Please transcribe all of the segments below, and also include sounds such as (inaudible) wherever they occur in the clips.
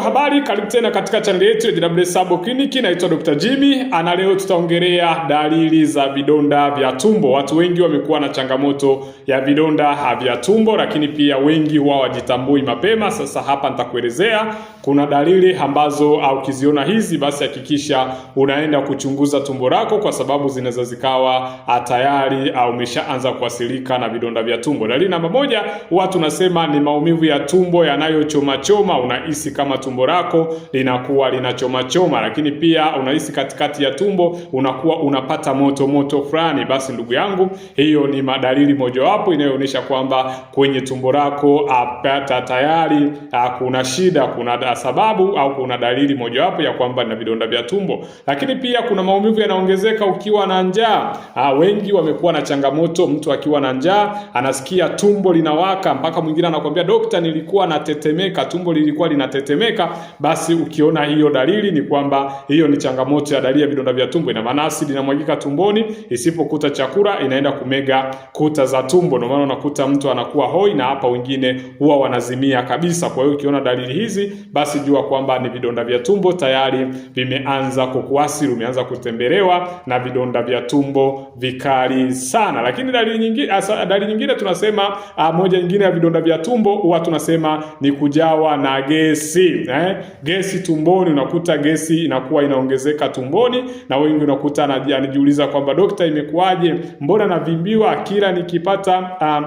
Habari, karibu tena katika chaneli yetu ya JW Sabo Clinic. Naitwa Dr. Jimmy, ana leo tutaongelea dalili za vidonda vya tumbo. Watu wengi wamekuwa na changamoto ya vidonda vya tumbo, lakini pia wengi huwa wajitambui mapema. Sasa hapa nitakuelezea kuna dalili ambazo ukiziona hizi, basi hakikisha unaenda kuchunguza tumbo lako, kwa sababu zinaweza zikawa ah, tayari au umeshaanza kuasilika na vidonda vya tumbo. Dalili namba moja, watu nasema ni maumivu ya tumbo yanayochomachoma, unahisi kama tumbo lako linakuwa linachoma choma, lakini pia unahisi katikati ya tumbo unakuwa unapata moto moto fulani, basi ndugu yangu, hiyo ni madalili mojawapo inayoonyesha kwamba kwenye tumbo lako apata ah, tayari ah, kuna shida, kuna sababu au kuna dalili mojawapo ya kwamba na vidonda vya tumbo. Lakini pia kuna maumivu yanaongezeka ukiwa na njaa. Ah, wengi wamekuwa na changamoto, mtu akiwa na njaa anasikia tumbo linawaka, mpaka mwingine anakuambia dokta, nilikuwa natetemeka, tumbo lilikuwa linatetemeka kutetemeka, basi ukiona hiyo dalili ni kwamba hiyo ni changamoto ya dalili ya vidonda vya tumbo. Ina maana asidi inamwagika tumboni, isipokuta chakula inaenda kumega kuta za tumbo. Ndio maana unakuta mtu anakuwa hoi na hapa wengine huwa wanazimia kabisa. Kwa hiyo ukiona dalili hizi, basi jua kwamba ni vidonda vya tumbo tayari vimeanza kukuasiri, umeanza kutembelewa na vidonda vya tumbo vikali sana. Lakini dalili nyingine, ah, dalili nyingine tunasema a, ah, moja nyingine ya vidonda vya tumbo huwa tunasema ni kujawa na gesi eh, gesi tumboni, unakuta gesi inakuwa inaongezeka tumboni, na wengi unakuta anajiuliza kwamba dokta, imekuwaje? Mbona navimbiwa kila nikipata um,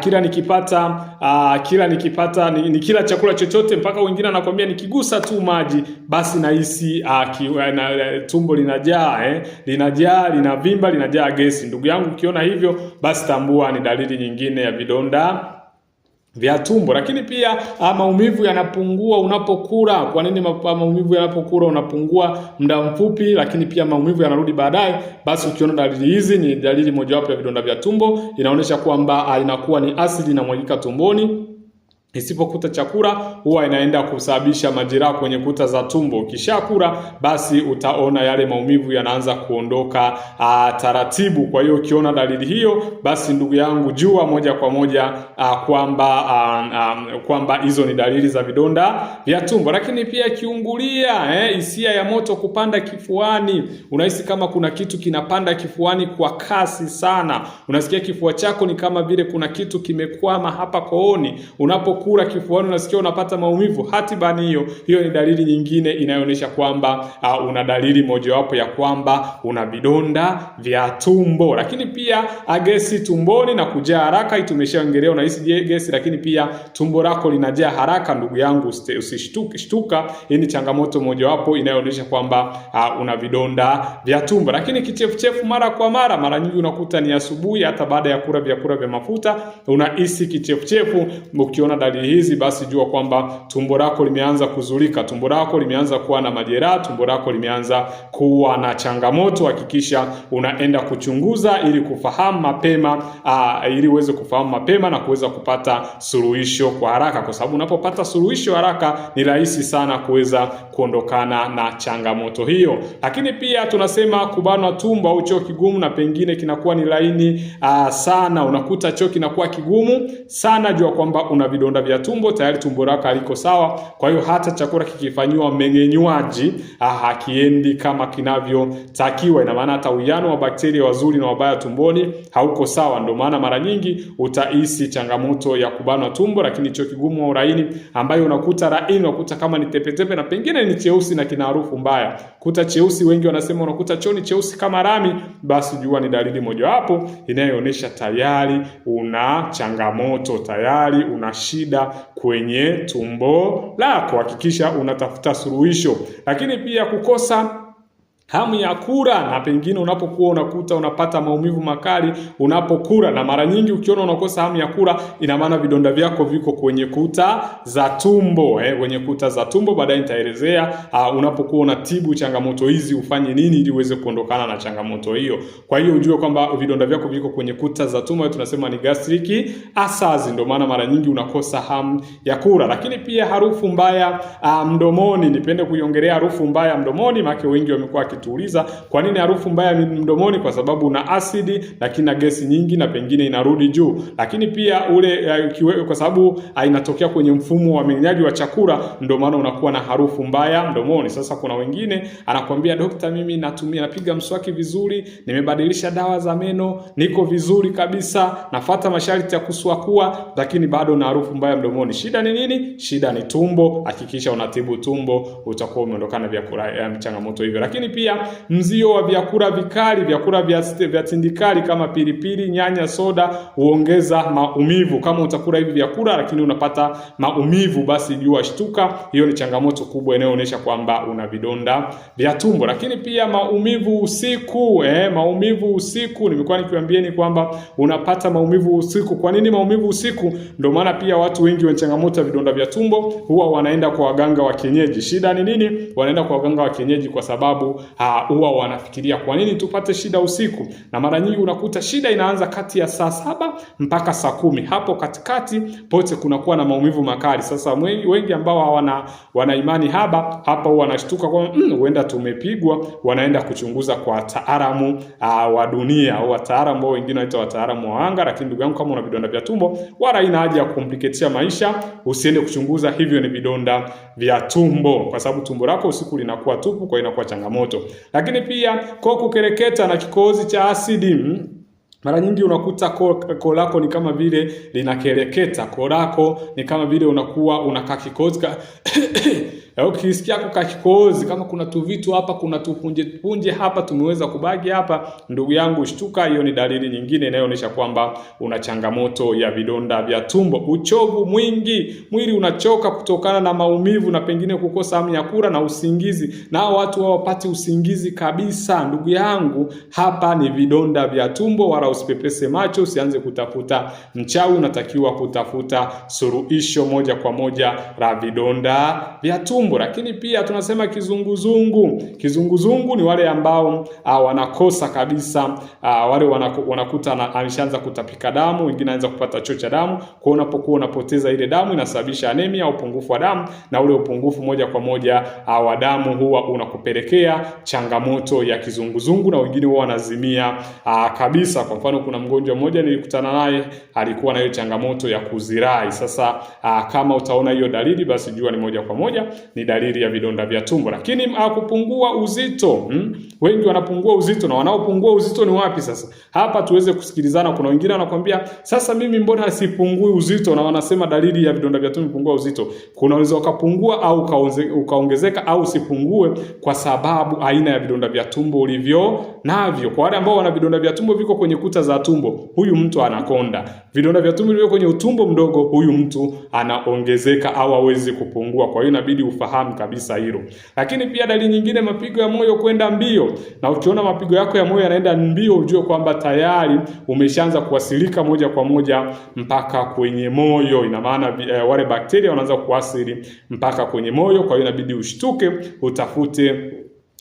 kila nikipata uh, kila nikipata ni, ni kila chakula chochote, mpaka wengine anakwambia nikigusa tu maji basi nahisi uh, uh, na, tumbo linajaa eh, linajaa linavimba linajaa gesi. Ndugu yangu, ukiona hivyo basi tambua ni dalili nyingine ya vidonda vya tumbo, lakini pia ah, maumivu yanapungua unapokula. Kwa nini ah, maumivu yanapokula unapungua muda mfupi, lakini pia maumivu yanarudi baadaye? Basi ukiona dalili hizi, ni dalili mojawapo ya vidonda vya tumbo, inaonyesha kwamba ah, inakuwa ni asidi inamwagika tumboni Isipokuta chakula huwa inaenda kusababisha majeraha kwenye kuta za tumbo. Ukishakula basi utaona yale maumivu yanaanza kuondoka a, ah, taratibu. Kwa hiyo ukiona dalili hiyo, basi ndugu yangu, jua moja kwa moja ah, kwamba ah, kwamba hizo ni dalili za vidonda vya tumbo. Lakini pia kiungulia, eh, hisia eh, ya moto kupanda kifuani, unahisi kama kuna kitu kinapanda kifuani kwa kasi sana, unasikia kifua chako ni kama vile kuna kitu kimekwama hapa kooni unapo unapokula kifuani unasikia unapata maumivu, hatibani hiyo hiyo ni dalili nyingine inayoonyesha kwamba uh, una dalili mojawapo ya kwamba una vidonda vya tumbo. Lakini pia uh, gesi tumboni na kujaa haraka, hii tumeshaongelea, unahisi gesi, lakini pia tumbo lako linajaa haraka. Ndugu yangu, usishtuka, hii ni changamoto mojawapo inayoonyesha kwamba uh, una vidonda vya tumbo. Lakini kichefuchefu mara kwa mara, mara nyingi unakuta ni asubuhi, hata baada ya kula vyakula vya mafuta unahisi kichefuchefu ukiona dalili hizi, basi jua kwamba tumbo lako limeanza kuzulika, tumbo lako limeanza kuwa na majeraha, tumbo lako limeanza kuwa na changamoto. Hakikisha unaenda kuchunguza ili kufahamu mapema aa, ah, ili uweze kufahamu mapema na kuweza kupata suluhisho kwa haraka, kwa sababu unapopata suluhisho haraka ni rahisi sana kuweza kuondokana na changamoto hiyo. Lakini pia tunasema kubanwa tumbo au choo kigumu na pengine kinakuwa ni laini aa, ah, sana, unakuta choo kinakuwa kigumu sana, jua kwamba una vidonda vidonda vya tumbo, tayari tumbo lako haliko sawa. Kwa hiyo hata chakula kikifanyiwa mmeng'enywaji ah, hakiendi kama kinavyotakiwa. Ina maana hata uwiano wa bakteria wazuri na wabaya tumboni hauko sawa. Ndio maana mara nyingi utahisi changamoto ya kubanwa tumbo, lakini choo kigumu au laini, ambayo unakuta laini, unakuta kama ni tepetepe na pengine ni cheusi na kina harufu mbaya. Kuta cheusi, wengi wanasema unakuta choo ni cheusi kama rami, basi jua ni dalili mojawapo inayoonyesha tayari una changamoto, tayari una shida shida kwenye tumbo lako. Hakikisha unatafuta suluhisho, lakini pia kukosa hamu ya kura, na pengine unapokuwa unakuta unapata maumivu makali unapokula, na mara nyingi ukiona unakosa hamu ya kula, ina maana vidonda vyako viko kwenye kuta za tumbo eh, kwenye kuta za tumbo. Baadaye nitaelezea uh, unapokuwa unatibu changamoto hizi ufanye nini ili uweze kuondokana na changamoto hiyo. Kwa hiyo ujue kwamba vidonda vyako viko kwenye kuta za tumbo, tunasema ni gastric ulcers, ndio maana mara nyingi unakosa hamu ya kula. Lakini pia harufu mbaya uh, mdomoni, nipende kuiongelea harufu mbaya mdomoni, maana wengi wamekuwa akituuliza kwa nini harufu mbaya mdomoni? Kwa sababu una asidi lakini na gesi nyingi na pengine inarudi juu, lakini pia ule uh, kiwe, kwa sababu ah, inatokea kwenye mfumo wa mmeng'enyaji wa chakula, ndio maana unakuwa na harufu mbaya mdomoni. Sasa kuna wengine anakuambia dokta, mimi natumia napiga mswaki vizuri, nimebadilisha dawa za meno, niko vizuri kabisa, nafata masharti ya kuswakua, lakini bado na harufu mbaya mdomoni. Shida ni nini? Shida ni tumbo. Hakikisha unatibu tumbo, utakuwa umeondokana vyakula eh, changamoto hivyo, lakini pia pia mzio wa vyakula vikali, vyakula vya, vya tindikali kama pilipili, nyanya, soda huongeza maumivu. Kama utakula hivi vyakula lakini unapata maumivu, basi jua shtuka, hiyo ni changamoto kubwa inayoonyesha kwamba una vidonda vya tumbo. Lakini pia maumivu usiku, eh, maumivu usiku nimekuwa nikiwaambieni kwamba unapata maumivu usiku. Kwa nini maumivu usiku? Ndio maana pia watu wengi wenye changamoto ya vidonda vya tumbo huwa wanaenda kwa waganga wa kienyeji. Shida ni nini? Wanaenda kwa waganga wa kienyeji kwa sababu Ah, huwa uh, wanafikiria kwa nini tupate shida usiku, na mara nyingi unakuta shida inaanza kati ya saa saba mpaka saa kumi. Hapo katikati pote kunakuwa na maumivu makali. Sasa wengi, wengi ambao hawana wana imani haba hapa huwa wanashtuka kwa mm, huenda mm, tumepigwa. Wanaenda kuchunguza kwa wataalamu uh, wa dunia au wataalamu ambao wengine wanaita wataalamu wa anga. Lakini ndugu yangu, kama una vidonda vya tumbo, wala haina haja ya kukompliketia maisha, usiende kuchunguza hivyo ni vidonda vya tumbo, kwa sababu tumbo lako usiku linakuwa tupu, kwa hiyo inakuwa changamoto. Lakini pia koo kukereketa na kikohozi cha asidi mm, mara nyingi unakuta koo ko lako ni kama vile linakereketa, koo lako ni kama vile unakuwa unakaa kikohozi (coughs) au yaani kisikia kukakikozi kama kuna tu vitu hapa, kuna tupunje punje hapa, tumeweza kubagi hapa, ndugu yangu shtuka. Hiyo ni dalili nyingine inayoonyesha kwamba una changamoto ya vidonda vya tumbo. Uchovu mwingi, mwili unachoka kutokana na maumivu na pengine kukosa hamu ya kula na usingizi, na watu hawapati usingizi kabisa. Ndugu yangu, hapa ni vidonda vya tumbo, wala usipepese macho, usianze kutafuta mchawi. Unatakiwa kutafuta suluhisho moja kwa moja la vidonda vya tumbo kasumbu, lakini pia tunasema kizunguzungu. Kizunguzungu ni wale ambao uh, wanakosa kabisa uh, wale wanaku, wanakuta ameshaanza kutapika damu, wengine anaanza kupata choo cha damu. Kwa unapokuwa unapoteza ile damu inasababisha anemia au upungufu wa damu, na ule upungufu moja kwa moja uh, wa damu huwa unakupelekea changamoto ya kizunguzungu, na wengine huwa wanazimia uh, kabisa. Kwa mfano, kuna mgonjwa mmoja nilikutana naye alikuwa na hiyo changamoto ya kuzirai. Sasa uh, kama utaona hiyo dalili, basi jua ni moja kwa moja ni dalili ya vidonda vya tumbo. Lakini kupungua uzito hmm? Wengi wanapungua uzito, na wanaopungua uzito ni wapi sasa? Hapa tuweze kusikilizana. Kuna wengine wanakwambia sasa, mimi mbona sipungui uzito, na wanasema dalili ya vidonda vya tumbo pungua uzito. Kuna unaweza ukapungua au ukaongezeka au usipungue, kwa sababu aina ya vidonda vya tumbo ulivyo navyo kwa wale ambao wana vidonda vya tumbo viko kwenye kuta za tumbo, huyu mtu anakonda. Vidonda vya tumbo vilivyo kwenye utumbo mdogo, huyu mtu anaongezeka au hawezi kupungua. Kwa hiyo inabidi ufahamu kabisa hilo. Lakini pia dalili nyingine, mapigo ya moyo kwenda mbio, na ukiona mapigo yako ya moyo yanaenda mbio, ujue kwamba tayari umeshaanza kuwasilika moja kwa moja mpaka kwenye moyo. Ina maana eh, wale bakteria wanaanza kuasili mpaka kwenye moyo, kwa hiyo inabidi ushtuke, utafute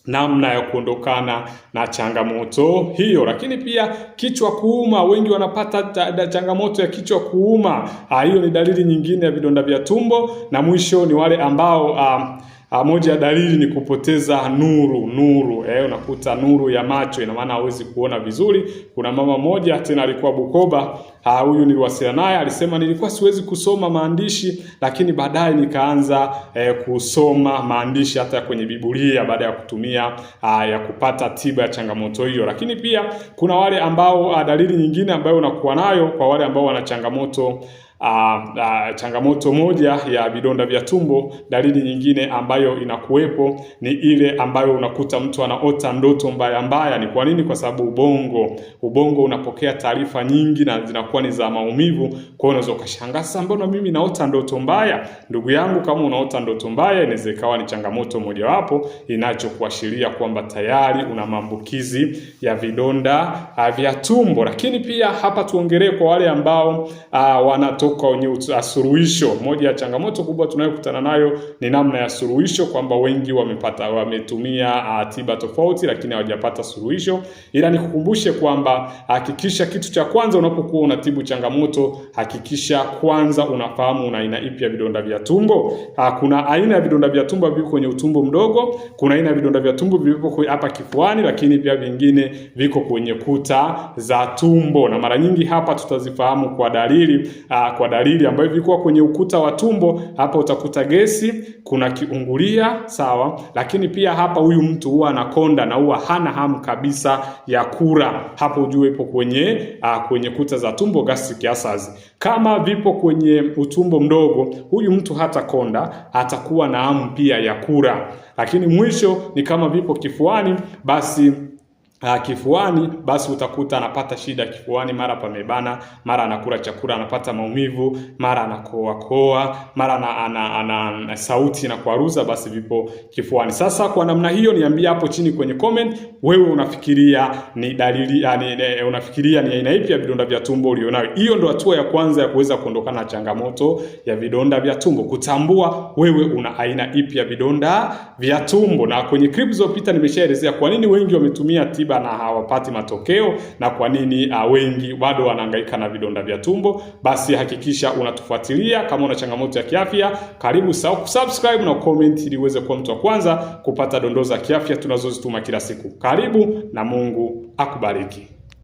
namna ya kuondokana na changamoto hiyo. Lakini pia kichwa kuuma, wengi wanapata changamoto ya kichwa kuuma. Ah, hiyo ni dalili nyingine ya vidonda vya tumbo, na mwisho ni wale ambao um, Ah, moja ya dalili ni kupoteza nuru nuru, eh, unakuta nuru ya macho, ina maana hawezi kuona vizuri. Kuna mama moja tena alikuwa Bukoba, ah, huyu niliwasiliana naye, alisema nilikuwa siwezi kusoma maandishi, lakini baadaye nikaanza eh, kusoma maandishi hata kwenye Biblia baada ya kutumia ah, ya kupata tiba ya changamoto hiyo. Lakini pia kuna wale ambao, ah, dalili nyingine ambayo unakuwa nayo kwa wale ambao wana changamoto uh, uh, changamoto moja ya vidonda vya tumbo. Dalili nyingine ambayo inakuwepo ni ile ambayo unakuta mtu anaota ndoto mbaya mbaya. Ni kwa nini? Kwa sababu ubongo ubongo unapokea taarifa nyingi na zinakuwa ni za maumivu. Kwa hiyo unaweza ukashangaa, sasa mbona mimi naota ndoto mbaya? Ndugu yangu, kama unaota ndoto mbaya, inaweza ikawa ni changamoto mojawapo inachokuashiria kwamba tayari una maambukizi ya vidonda uh, vya tumbo. Lakini pia hapa tuongelee kwa wale ambao uh, wanato kutoka kwenye suluhisho. Moja ya changamoto kubwa tunayokutana nayo ni namna ya suluhisho, kwamba wengi wamepata wametumia tiba tofauti, lakini hawajapata suluhisho. Ila nikukumbushe kwamba hakikisha kitu cha kwanza unapokuwa unatibu changamoto, hakikisha kwanza unafahamu una aina ipi ya vidonda vya tumbo. Kuna aina ya vidonda vya tumbo viko kwenye utumbo mdogo, kuna aina ya vidonda vya tumbo vilipo hapa kifuani, lakini pia vingine viko kwenye kuta za tumbo, na mara nyingi hapa tutazifahamu kwa dalili uh, kwa dalili ambayo ilikuwa kwenye ukuta wa tumbo, hapa utakuta gesi, kuna kiungulia, sawa. Lakini pia hapa huyu mtu huwa anakonda na huwa hana hamu kabisa ya kula, hapo ujue ipo kwenye a, ah, kwenye kuta za tumbo, gastric ulcers. Kama vipo kwenye utumbo mdogo, huyu mtu hata konda, atakuwa na hamu pia ya kula. Lakini mwisho ni kama vipo kifuani, basi Uh, kifuani basi utakuta anapata shida kifuani, mara pamebana, mara anakula chakula anapata maumivu, mara anakoakoa, mara ana, ana, ana, ana sauti na kuaruza, basi vipo kifuani. Sasa kwa namna hiyo, niambie hapo chini kwenye comment wewe unafikiria ni dalili yani, unafikiria ni aina ipi ya vidonda vya tumbo ulionayo. Hiyo ndo hatua ya kwanza ya kuweza kuondokana na changamoto ya vidonda vya tumbo, kutambua wewe una aina ipi ya vidonda vya tumbo. Na kwenye clip zilizopita nimeshaelezea kwa nini wengi wametumia tiba na hawapati matokeo na kwa nini uh, wengi bado wanahangaika na vidonda vya tumbo. Basi hakikisha unatufuatilia. Kama una changamoto ya kiafya, karibu sawa kusubscribe na comment ili uweze kuwa mtu wa kwanza kupata dondoo za kiafya tunazozituma kila siku karibu na Mungu akubariki.